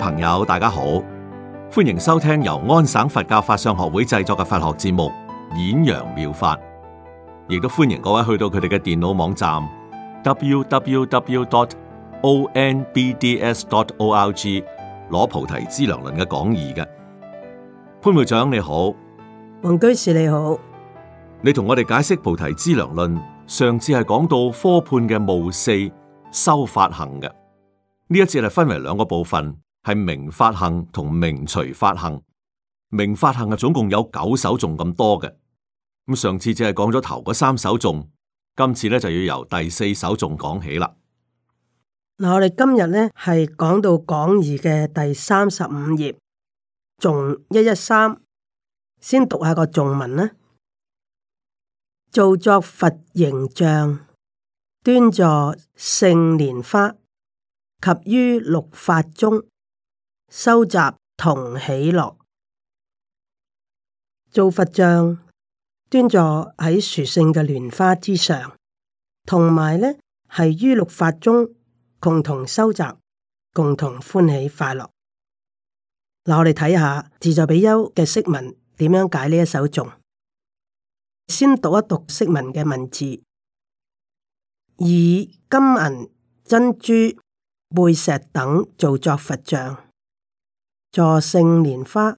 朋友，大家好，歡迎收聽由安省佛教法相學會製作嘅佛學節目《演揚妙法》，亦都歡迎各位去到佢哋嘅電腦網站 www.dot.onbds.dot.org 攞《菩提資糧論》嘅講義嘅。潘會長你好，黃居士你好，你同我哋解釋《菩提資糧論》，上次係講到科判嘅無四修法行嘅呢一節，係分為兩個部分。係明法行同明除法行。明法行啊，總共有九首頌咁多嘅。咁上次只係講咗頭嗰三首頌，今次咧就要由第四首頌講起啦。嗱，我哋今日咧係講到講義嘅第三十五頁，頌一一三，先讀下個頌文啦。造作佛形象，端坐聖蓮花，及於六法中，收集同喜樂，做佛像，端坐喺殊勝嘅蓮花之上，同埋呢係於六法中共同收集，共同歡喜快樂。嗱，我哋睇下自在比丘嘅釋文點樣解呢一首頌。先讀一讀釋文嘅文字，以金銀珍珠貝石等做作佛像。助性蓮花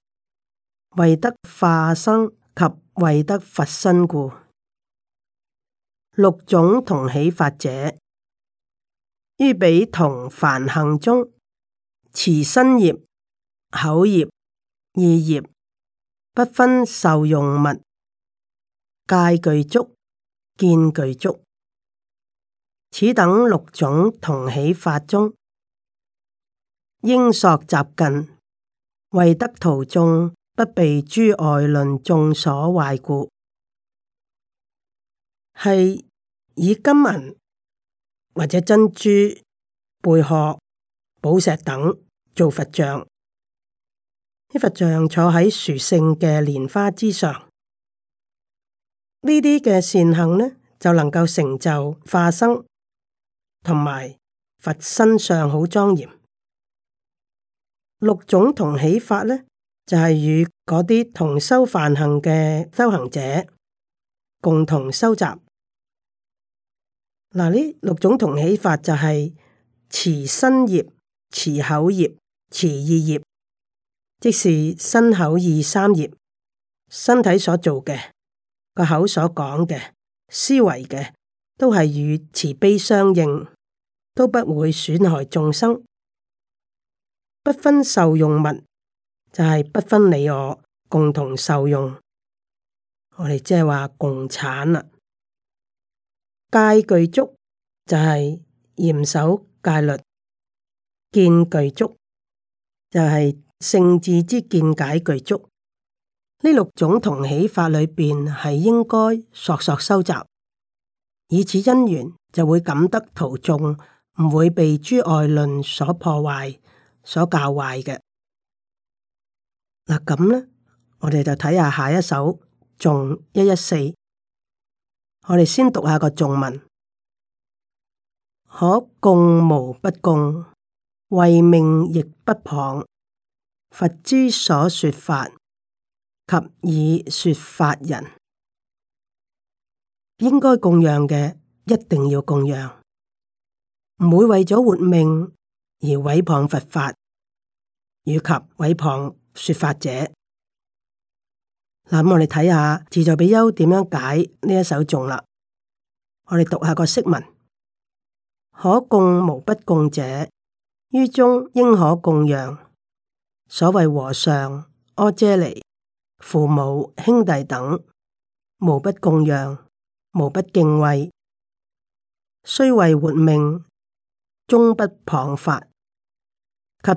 為得化生及為得佛身故，六種同起法者，於彼同梵行中，持身業、口業、意業，不分受用物，戒具足，見具足，此等六種同起法中，應索集近。為得途中不被諸外論眾所壞故。係以金銀或者珍珠、貝殼、寶石等做佛像。呢佛像坐喺殊勝嘅蓮花之上，呢啲嘅善行呢就能夠成就化身，同埋佛身上好莊嚴。六種同起法咧，就係、是、與嗰啲同修梵行嘅修行者共同修習。嗱，呢六種同起法就係慈身業、慈口業、慈意業，即是身、口、意三業，身體所做嘅、個口所講嘅、思維嘅，都係與慈悲相應，都不會損害眾生。不分受用物就係、是、不分你我共同受用，我哋即係話共產啦。戒具足就係、是、嚴守戒律，見具足就係、是、聖智之見解具足。呢六種同起法裏邊係應該索索收集，以此因緣就會感得徒眾，唔會被諸外論所破壞。所教壞嘅嗱，咁、啊、呢？我哋就睇下下一首《頌一一四》。我哋先讀下個頌文，可共無不共，為命亦不旁。佛之所說法及以說法人，應該供養嘅一定要供養，唔會為咗活命，而毀謗佛法，以及毀謗說法者，嗱，咁我哋睇下自在比丘點樣解呢一首頌啦。我哋讀下個釋文：可供無不供者，於中應可供養。所謂和尚、阿闍黎、父母、兄弟等，無不供養，無不敬畏。雖為活命，終不謗法。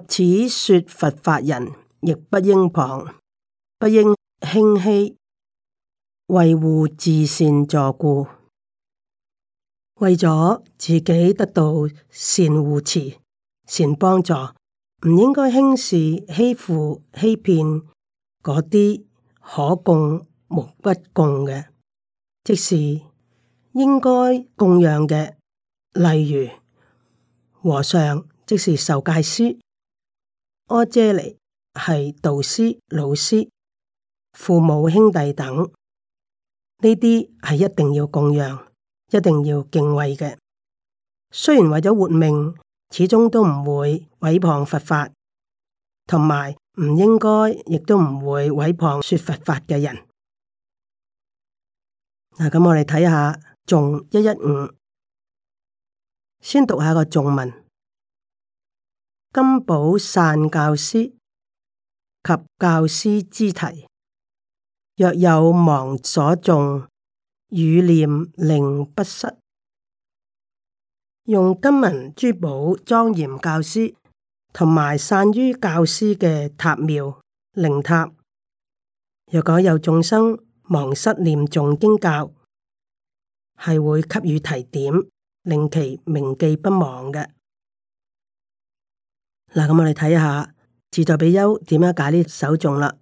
及此說佛法人，亦不應旁，不應輕欺，維護自善助故。為咗自己得到善護持、善幫助，唔應該輕視、欺負、欺騙嗰啲可供、莫不供嘅，即是應該供養嘅。例如和尚，即是受戒師。阿姐嚟、係導師、老師、父母、兄弟等呢啲係一定要供養、一定要敬畏嘅。雖然為咗活命，始終都唔會毀謗佛法，同埋唔應該亦都唔會毀謗說佛法嘅人。嗱、啊，咁我哋睇下頌一一五，先讀下個頌文。金寶散教師及教師之題，若有忘所眾語念令不失。用金文珠寶莊嚴教師，同埋散於教師嘅塔廟靈塔。若果有眾生忘失念誦經教，係會給予提點，令其銘記不忘嘅。嗱，咁我哋睇下自在比丘點樣解呢首頌啦。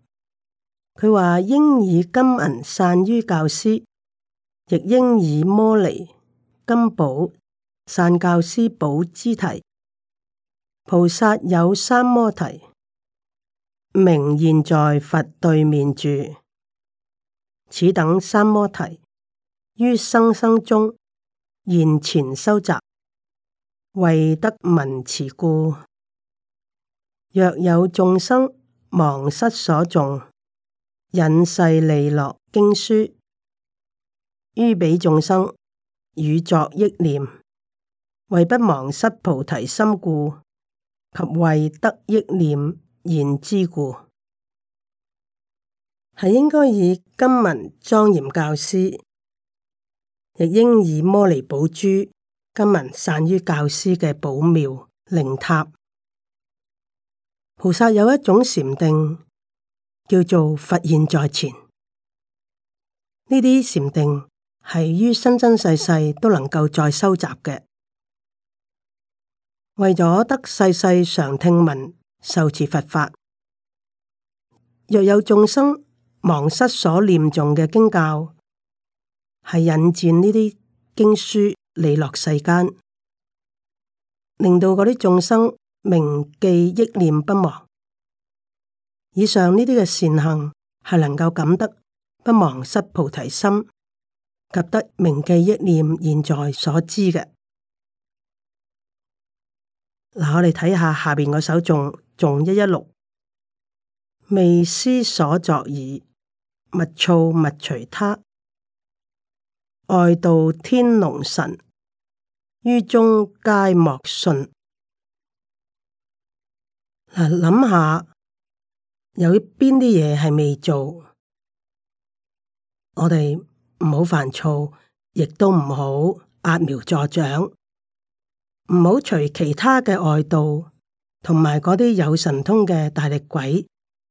佢話應以金銀散於教師，亦應以摩尼金寶散教師寶之題。菩薩有三摩提，名現在佛對面住。此等三摩提於生生中現前收集，為得聞持故。若有眾生忘失所誦，引世利樂經書於彼眾生與作憶念，為不忘失菩提心故，及為得憶念言之故係應該以金文莊嚴教師，亦應以摩尼寶珠金文散於教師嘅寶妙靈塔。菩薩有一種禪定，叫做佛現在前。呢啲禪定係於生生世世都能夠再收集嘅。為咗得世世常聽聞受持佛法，若有眾生忘失所念誦嘅經教，係引薦呢啲經書嚟落世間，令到嗰啲眾生。銘記憶念不忘，以上呢啲嘅善行係能夠感得不忘失菩提心及得銘記憶念現在所知嘅。嗱，我哋睇下下邊個首誦誦一一六，未思所作已，勿躁勿隨他，外道天龍神，於中皆莫信。嗱，諗下有邊啲嘢係未做，我哋唔好煩躁，亦都唔好揠苗助長，唔好除其他嘅外道同埋嗰啲有神通嘅大力鬼、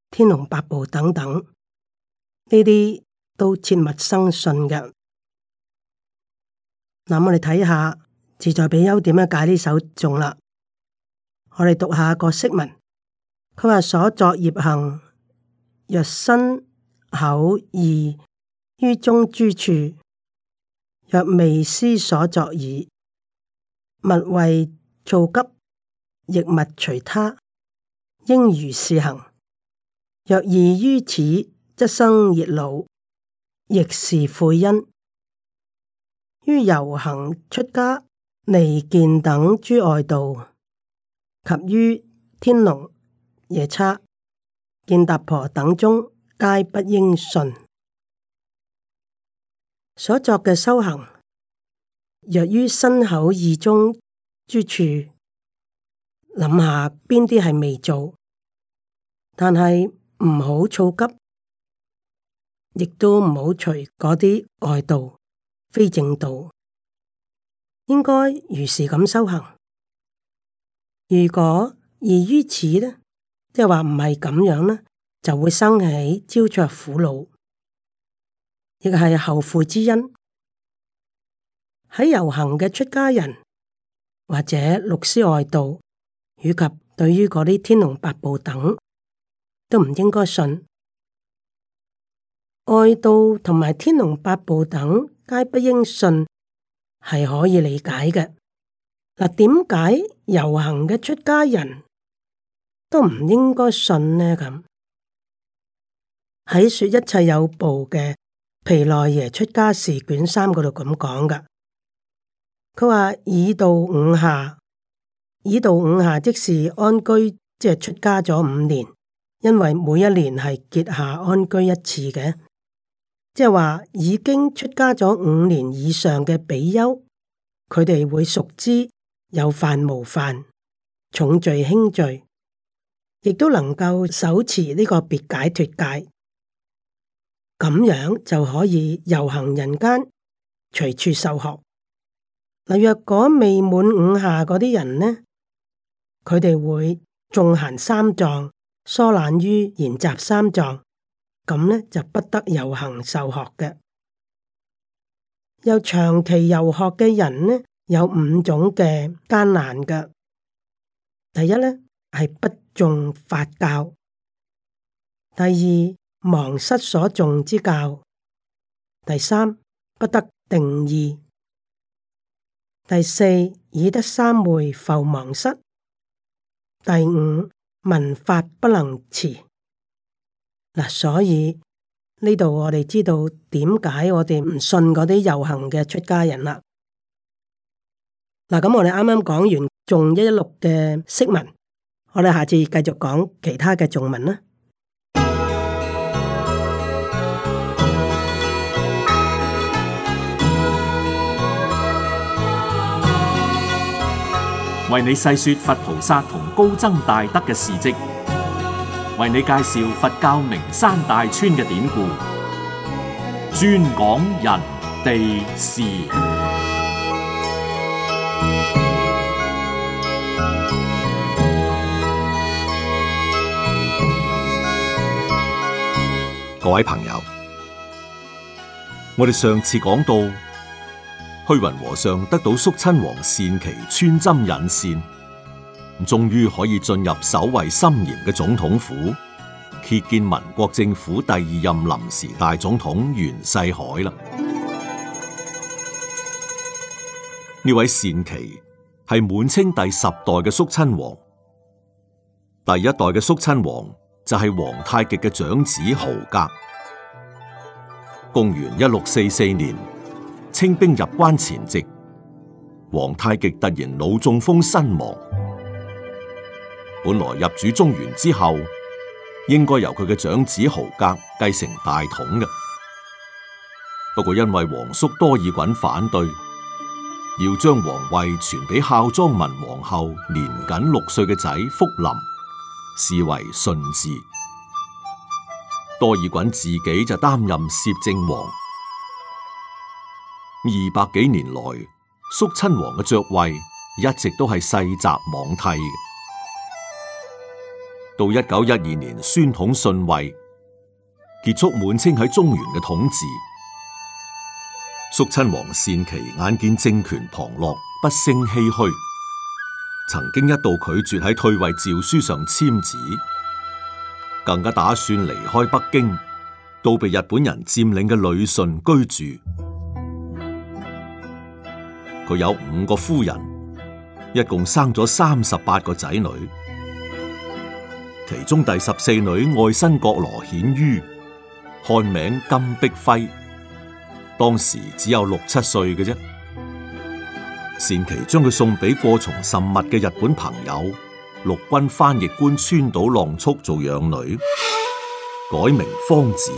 天龍八部等等，呢啲都切勿生信嘅。嗱，我哋睇下自在比丘點樣解呢首頌啦，我哋讀下個釋文。佢話：所作業行，若身口意於中諸處，若未思所作已，勿為躁急，亦勿隨他，應如是行。若異於此，則生熱惱，亦是悔因。於遊行出家、離見等諸外道，及於天龍、夜叉、見達婆等中，皆不應順。所作嘅修行，若於身口意中諸處諗下邊啲係未做，但係唔好躁急，亦都唔好隨嗰啲外道、非正道，應該如是咁修行。如果而於此呢？即係話唔係咁樣呢，就會生起焦灼苦惱，亦係後悔之因。喺遊行嘅出家人或者六師外道，以及對於嗰啲天龍八部等，都唔應該信。外道同埋天龍八部等皆不應信，係可以理解嘅。嗱，點解遊行嘅出家人？都唔應該信呢，咁喺說一切有部嘅皮奈耶出家事卷三嗰度咁講噶佢話已度五夏，已度五夏即是安居，即係出家咗五年，因為每一年係結夏安居一次嘅，即係話已經出家咗五年以上嘅比丘，佢哋會熟知有犯無犯，重罪輕罪。亦都能夠手持呢個別解脱戒，咁樣就可以遊行人間，隨處受學。嗱，若果未滿五下嗰啲人呢，佢哋會縱行三藏，疏懶於研習三藏，咁呢就不得遊行受學嘅。又有長期遊學嘅人呢，有五種嘅艱難嘅。第一呢係不。重法教，第二忘失所重之教，第三不得定義，第四以得三昧浮忘失，第五聞法不能持。嗱、啊，所以呢度我哋知道點解我哋唔信嗰啲遊行嘅出家人啦。嗱、啊，咁、嗯、我哋啱啱講完，仲一一六嘅釋文。我哋下次繼續講其他嘅眾文啦。為你細說佛菩薩同高僧大德嘅事蹟，為你介紹佛教名山大川嘅典故，專講人地事。各位朋友，我哋上次講到，虛雲和尚得到肅親王善奇穿針引線，終於可以進入守衛森嚴嘅總統府，謁見民國政府第二任臨時大總統袁世凱啦。呢位善奇係滿清第十代嘅肅親王，第一代嘅肅親王，就係皇太極嘅長子豪格。公元一六四四年，清兵入關前夕，皇太極突然腦中風身亡。本來入主中原之後，應該由佢嘅長子豪格繼承大統嘅。不過因為皇叔多爾袞反對，要將皇位傳俾孝莊文皇后年僅六歲嘅仔福臨。視為順治，多爾袞自己就擔任攝政王。二百幾年來，叔親王嘅爵位一直都係世襲罔替。到一九一二年，宣統信位，結束滿清喺中原嘅統治。叔親王善其眼見政權旁落，不勝唏噓，曾經一度拒絕喺退位詔書上簽字，更加打算離開北京，到被日本人佔領嘅旅順居住。佢有五個夫人，一共生咗三十八個仔女，其中第十四女愛新覺羅顯于，漢名金碧輝，當時只有六七歲嘅啫。善耆將佢送俾過從甚密嘅日本朋友，陸軍翻譯官川島浪速做養女，改名芳子，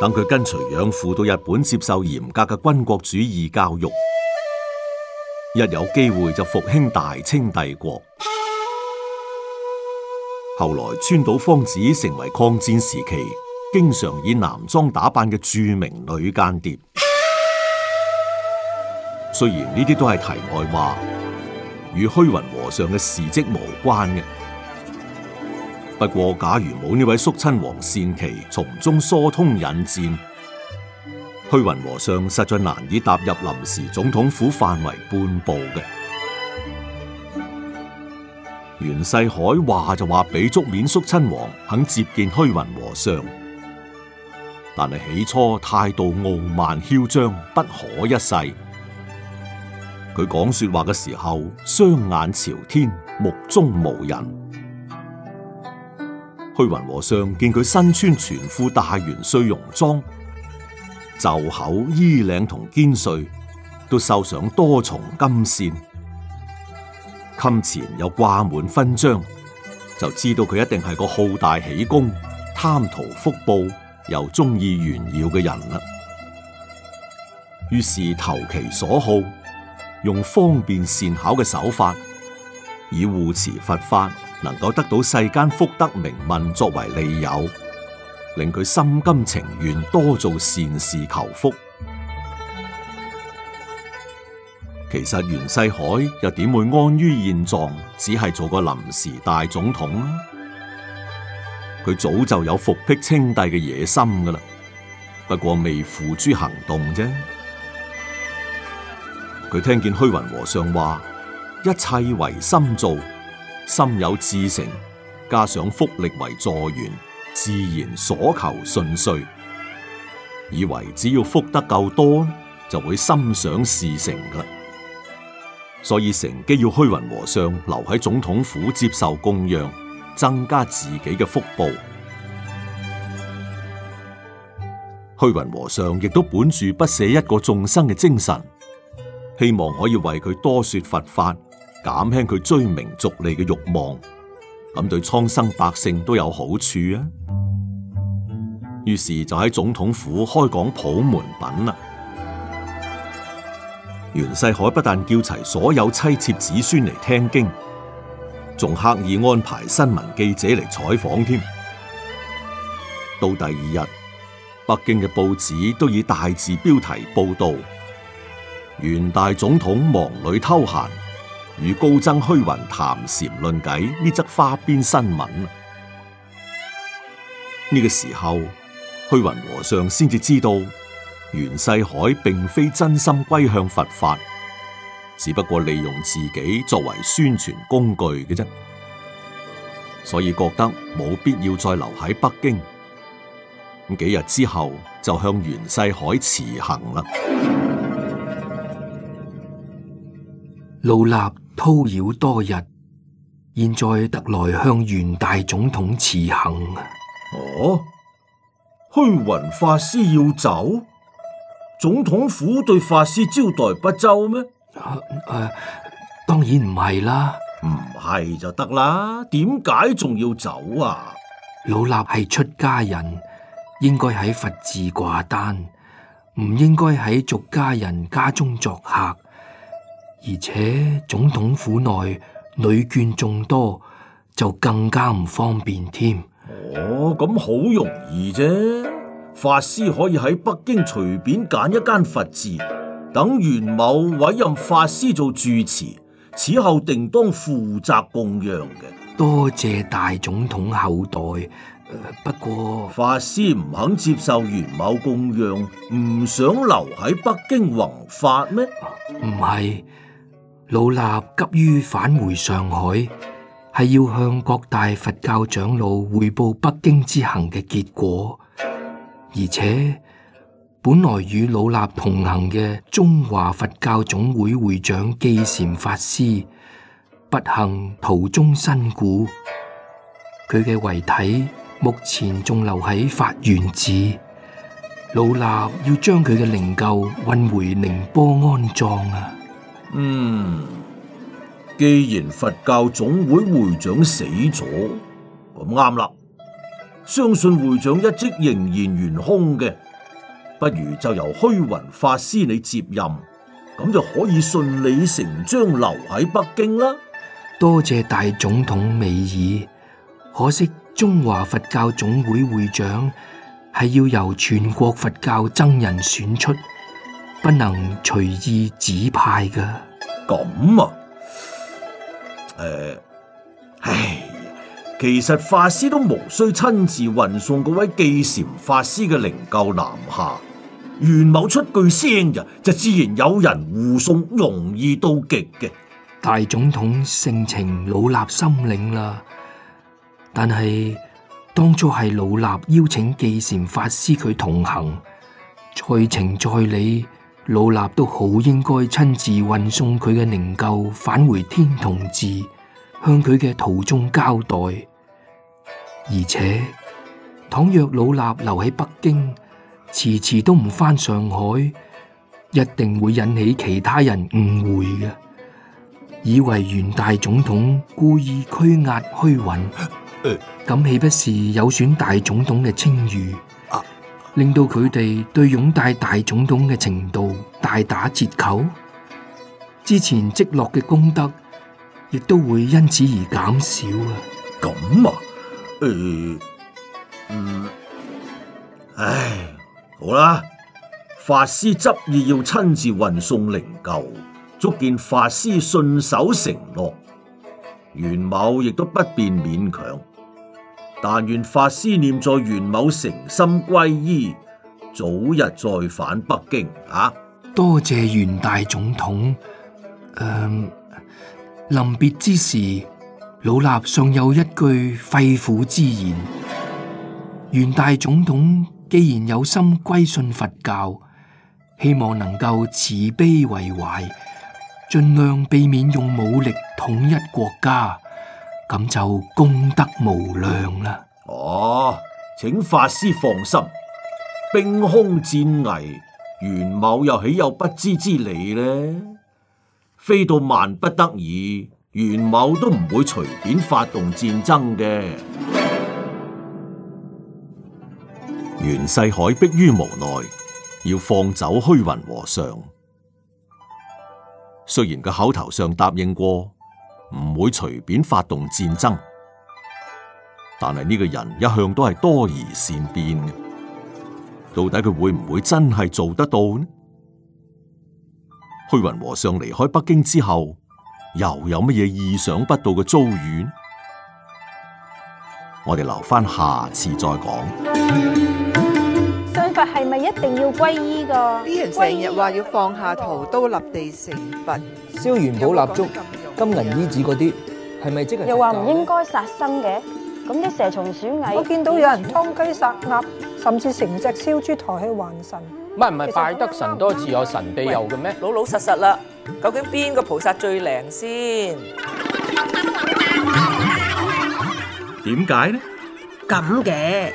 等佢跟隨養父到日本接受嚴格嘅軍國主義教育，一有機會就復興大清帝國。後來，川島芳子成為抗戰時期經常以男裝打扮嘅著名女間諜。雖然呢啲都係題外話，與虛雲和尚嘅事跡無關嘅。不過，假如冇呢位肅親王善耆從中疏通引薦，虛雲和尚實在難以踏入臨時總統府範圍半步嘅。袁世凱話就話俾足面肅親王肯接見虛雲和尚，但係起初態度傲慢囂張，不可一世。佢講說話嘅時候，雙眼朝天，目中無人。虛雲和尚見佢身穿全副大元帥戎裝，袖口、衣領同肩穗都繡上多重金線，襟前又掛滿勳章，就知道佢一定係個好大喜功、貪圖福報、又中意炫耀嘅人啦。於是投其所好。用方便善巧嘅手法，以護持佛法能夠得到世間福德名聞作為利誘，令佢心甘情願多做善事求福。其實袁世凱又點會安於現狀，只係做個臨時大總統啊？佢早就有復辟清帝嘅野心噶啦，不過未付諸行動啫。佢聽見虛雲和尚話：一切為心造，心有至誠，加上福力為助緣，自然所求順遂。以為只要福得夠多，就會心想事成噶。所以乘機要虛雲和尚留喺總統府接受供養，增加自己嘅福報。虛雲和尚亦都本住不捨一個眾生嘅精神。希望可以為佢多說佛法，減輕佢追名逐利嘅欲望，咁對蒼生百姓都有好處啊！於是就喺總統府開講普門品啦。袁世凱不但叫齊所有妻妾子孫嚟聽經，仲刻意安排新聞記者嚟採訪添。到第二日，北京嘅報紙都以大字標題報道。袁大總統忙裏偷閒，與高僧虛雲談禪論偈，呢則花邊新聞。呢、這個時候，虛雲和尚先至知道袁世凱並非真心歸向佛法，只不過利用自己作為宣傳工具嘅啫，所以覺得冇必要再留喺北京。咁幾日之後，就向袁世凱辭行啦。老衲叨擾多日，現在特來向元大總統辭行。哦，虛雲法師要走？總統府對法師招待不周咩？誒、啊呃，當然唔係啦，唔、嗯、係就得啦。點解仲要走啊？老衲係出家人，應該喺佛寺掛單，唔應該喺俗家人家中作客。而且總統府內女眷眾多，就更加唔方便添。哦，咁好容易啫！法師可以喺北京隨便揀一間佛寺，等袁某委任法師做住持，此後定當負責供養嘅。多謝大總統後代，不過法師唔肯接受袁某供養，唔想留喺北京弘法咩？唔係、啊。老衲急於返回上海，係要向各大佛教長老匯報北京之行嘅結果。而且，本來與老衲同行嘅中華佛教總會會長寄禪法師，不幸途中身故。佢嘅遺體目前仲留喺法源寺，老衲要將佢嘅靈柩運回寧波安葬啊！嗯，既然佛教總會會長死咗，咁啱啦，相信會長一職仍然懸空嘅，不如就由虛雲法師你接任，咁就可以順理成章留喺北京啦。多謝大總統美爾，可惜中華佛教總會會長係要由全國佛教僧人選出。不能隨意指派嘅。咁啊，誒，唉，其實法師都無需親自運送嗰位寄禪法師嘅靈柩南下。袁某出句聲嘅，就自然有人護送，容易到極嘅。大總統盛情，老衲心領啦，但係當初係老衲邀請寄禪法師佢同行，在情在理。老衲都好應該親自運送佢嘅靈柩返回天童寺，向佢嘅途中交代。而且，倘若老衲留喺北京，遲遲都唔返上海，一定會引起其他人誤會嘅，以為袁大總統故意拘押虛雲，咁豈、 呃、不是有損大總統嘅清譽？令到佢哋對擁戴大，大總統嘅程度大打折扣，之前積落嘅功德亦都會因此而減少啊！咁啊，誒、呃，嗯，唉，好啦，法師執意要親自運送靈柩，足見法師信守承諾，袁某亦都不便勉強。但願法師念在袁某誠心皈依，早日再返北京啊！多謝袁大總統。嗯、呃，臨別之時，老衲尚有一句肺腑之言：袁大總統既然有心歸信佛教，希望能夠慈悲為懷，盡量避免用武力統一國家。咁就功德無量啦！哦、啊，請法師放心，兵凶戰危，袁某又豈有不知之理呢？非到萬不得已，袁某都唔會隨便發動戰爭嘅。袁世凱迫於無奈，要放走虛雲和尚。雖然佢口頭上答應過。唔會隨便發動戰爭，但係呢個人一向都係多疑善變嘅，到底佢會唔會真係做得到呢？虛雲和尚離開北京之後，又有乜嘢意想不到嘅遭遇？我哋留翻，下次再講。信佛係咪一定要皈依噶？啲人成日話要放下屠刀立地成佛，燒完寶蠟燭。金銀衣紙嗰啲係咪即係？又話唔應該殺生嘅，咁啲蛇蟲鼠蟻，我見到有人劏雞殺鴨，甚至成隻燒豬抬去還神。唔係，唔係，拜得神多自有神庇佑嘅咩？老老實實啦，究竟邊個菩薩最靈先？點解呢？咁嘅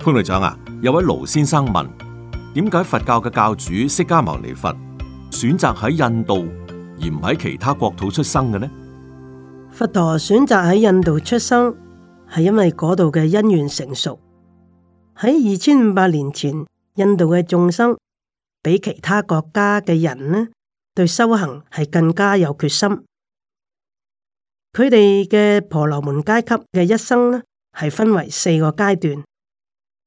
潘隊長啊，有位盧先生問。點解佛教嘅教主釋迦牟尼佛選擇喺印度而唔喺其他國土出生嘅呢？佛陀選擇喺印度出生，係因為嗰度嘅因緣成熟。喺二千五百年前，印度嘅眾生比其他國家嘅人呢，對修行係更加有決心。佢哋嘅婆羅門階級嘅一生呢，係分為四個階段，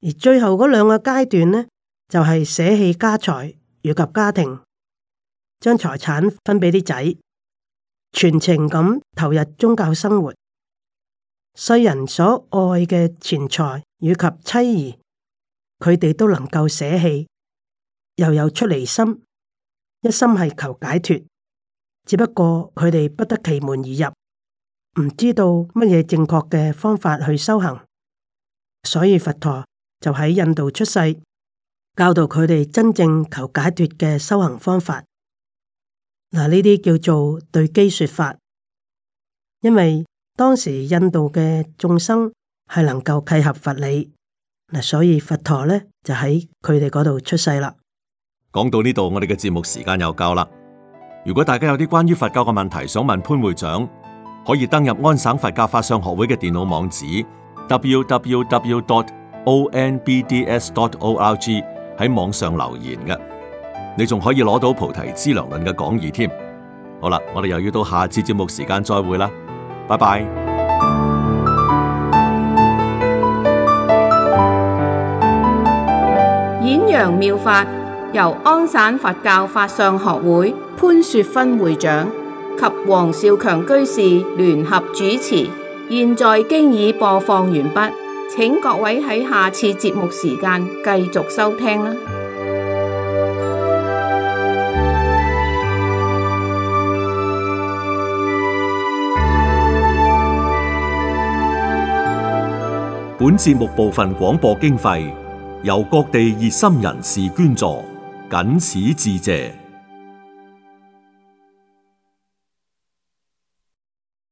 而最後嗰兩個階段呢，就係捨棄家財以及家庭，將財產分畀啲仔，全程咁投入宗教生活。世人所愛嘅錢財以及妻兒，佢哋都能夠捨棄，又有出離心，一心係求解脫。只不過佢哋不得其門而入，唔知道乜嘢正確嘅方法去修行，所以佛陀就喺印度出世。教導佢哋真正求解脫嘅修行方法，嗱，呢啲叫做對機說法，因為當時印度嘅眾生係能夠契合佛理，嗱，所以佛陀咧就喺佢哋嗰度出世啦。講到呢度，我哋嘅節目時間又夠啦。如果大家有啲關於佛教嘅問題想問潘會長，可以登入安省佛教法相學會嘅電腦網址 w w w. dot o n b d s. dot o r g。喺網上留言嘅，你仲可以攞到《菩提資糧論》嘅講義添。好啦，我哋又要到下次節目時間再會啦，拜拜。演揚妙法由安省佛教法相學會潘雪芬會長及黃少強居士聯合主持，現在經已播放完畢。請各位喺下次節目時間繼續收聽啦。本節目部分廣播經費由各地熱心人士捐助，謹此致謝。